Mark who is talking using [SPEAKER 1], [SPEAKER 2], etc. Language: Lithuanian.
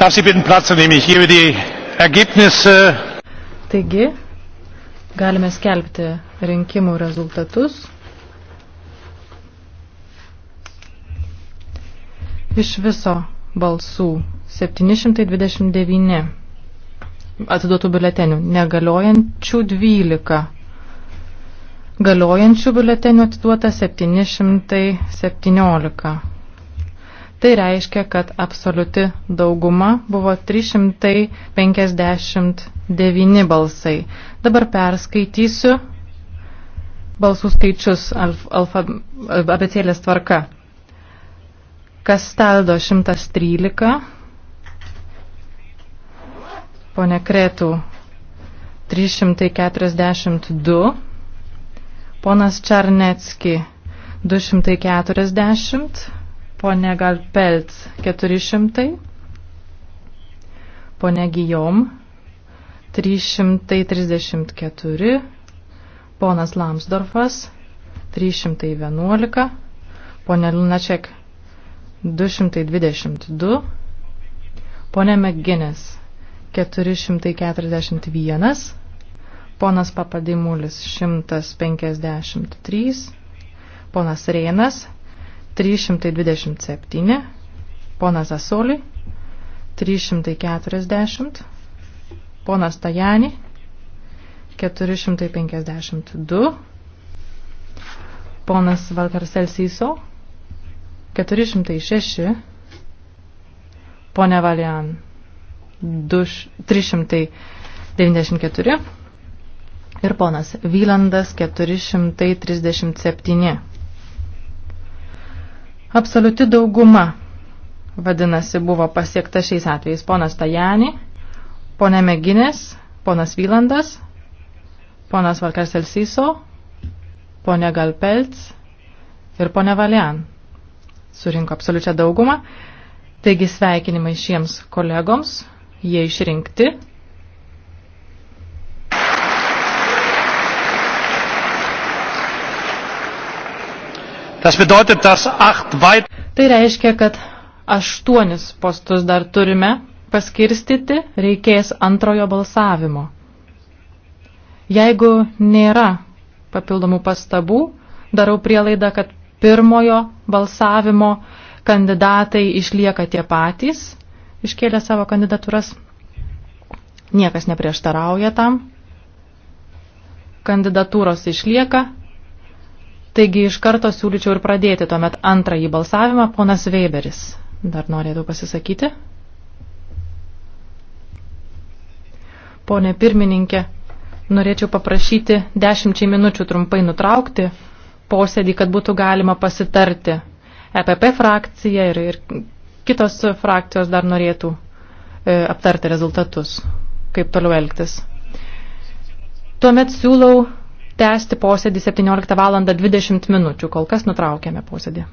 [SPEAKER 1] Darf Sie bitten Platz nehmen? Ich gebe die Ergebnisse. Taigi, galime skelbti rinkimų rezultatus. Iš viso balsų 729 atiduotų biuletenių, negaliojančių 12. Galiojančių biuletenių atiduota 717. Tai reiškia, kad absoliuti dauguma buvo 359 balsai. Dabar perskaitysiu balsų skaičius alf, alfa, abecėlės tvarka. Kastaldo 113, ponė Kretų 342, ponas Čarnecki 240, Pone Galpelc 400, pone Gijom 334, ponas Lamsdorfas 311, ponė Lunaček 222, ponė Meginis 441, ponas Papadimulis 153, ponas Reinas 153. 327, ponas Zasoli, 340, ponas Tajani, 452, ponas Valkarsel Siso, 406, ponia Valian, 394 ir ponas Vylandas 437. Absoliuti dauguma, vadinasi, buvo pasiekta šiais atvejais ponas Tajani, ponė Meginės, ponas Vylandas, ponas Valkas Elsiso, ponė Galpelts ir ponė Valian. Surinko absoliučią daugumą. Taigi sveikinimai šiems kolegoms, jie išrinkti Tai reiškia, kad aštuonis postus dar turime paskirstyti, reikės antrojo balsavimo. Jeigu nėra papildomų pastabų, darau prielaidą, kad pirmojo balsavimo kandidatai išlieka tie patys, iškėlė savo kandidatūras. Niekas neprieštarauja tam. Kandidatūros išlieka, Taigi iš karto siūlyčiau ir pradėti tuomet antrąjį balsavimą. Ponas Weberis dar norėtų pasisakyti. Pone pirmininkė, norėčiau paprašyti dešimčiai minučių trumpai nutraukti posėdį, kad būtų galima pasitarti. EPP frakcija ir, ir kitos frakcijos dar norėtų e, aptarti rezultatus, kaip toliau elgtis. Tuomet siūlau tęsti posėdį 17 val. 20 minučių. Kol kas nutraukėme posėdį.